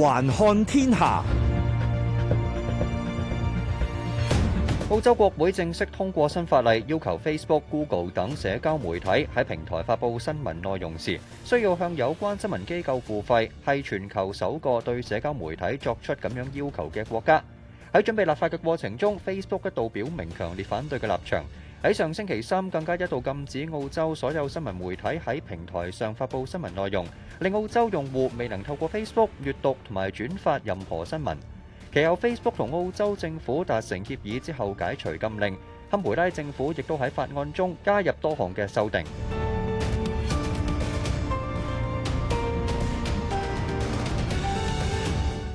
環看天下，澳洲國會正式通過新法例，要求 Facebook、Google 等社交媒體喺平台發布新聞內容時，需要向有關新聞機構付費，係全球首個對社交媒體作出咁樣要求嘅國家。喺準備立法嘅過程中，Facebook 一度表明強烈反對嘅立場。喺上星期三，更加一度禁止澳洲所有新聞媒體喺平台上發布新聞內容，令澳洲用戶未能透過 Facebook 閱讀同埋轉發任何新聞。其後 Facebook 同澳洲政府達成協議之後解除禁令，堪培拉政府亦都喺法案中加入多項嘅修訂。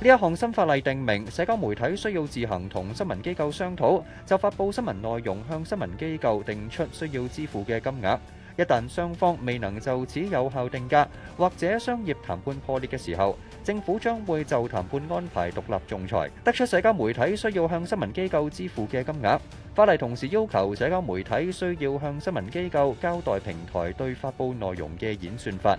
呢一項新法例定明，社交媒體需要自行同新聞機構商討，就發布新聞內容向新聞機構定出需要支付嘅金額。一旦雙方未能就此有效定價，或者商業談判破裂嘅時候，政府將會就談判安排獨立仲裁，得出社交媒體需要向新聞機構支付嘅金額。法例同時要求社交媒體需要向新聞機構交代平台對發布內容嘅演算法。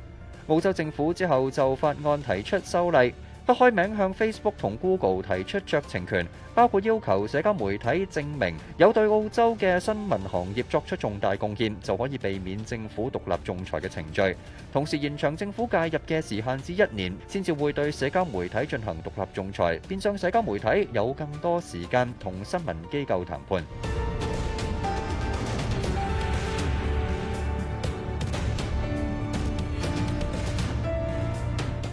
澳洲政府之後就法案提出修例，不開名向 Facebook 同 Google 提出酌情權，包括要求社交媒體證明有對澳洲嘅新聞行業作出重大貢獻就可以避免政府獨立仲裁嘅程序，同時延長政府介入嘅時限至一年，先至會對社交媒體進行獨立仲裁，變相社交媒體有更多時間同新聞機構談判。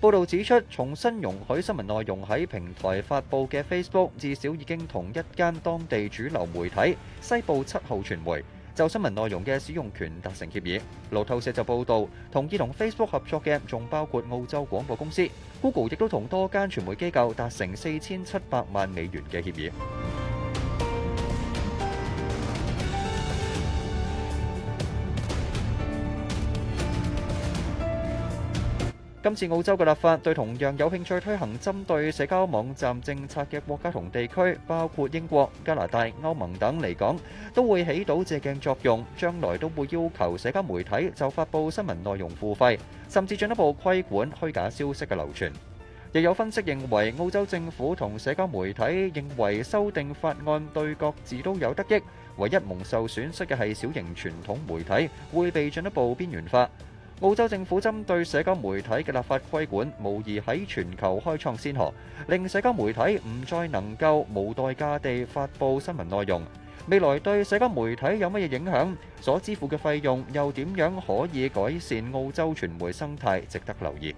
報道指出，重新容許新聞內容喺平台發布嘅 Facebook，至少已經同一間當地主流媒體西部七號傳媒就新聞內容嘅使用權達成協議。路透社就報導，同意同 Facebook 合作嘅仲包括澳洲廣播公司。Google，亦都同多間傳媒機構達成四千七百萬美元嘅協議。今次澳洲嘅立法對同樣有興趣推行針對社交網站政策嘅國家同地區，包括英國、加拿大、歐盟等嚟講，都會起到借鏡作用。將來都會要求社交媒體就發布新聞內容付費，甚至進一步規管虛假消息嘅流傳。亦有分析認為，澳洲政府同社交媒體認為修訂法案對各自都有得益，唯一蒙受損失嘅係小型傳統媒體會被進一步邊緣化。澳洲政府針對社交媒體嘅立法規管，無疑喺全球開創先河，令社交媒體唔再能夠無代價地發佈新聞內容。未來對社交媒體有乜嘢影響？所支付嘅費用又點樣可以改善澳洲傳媒生態？值得留意。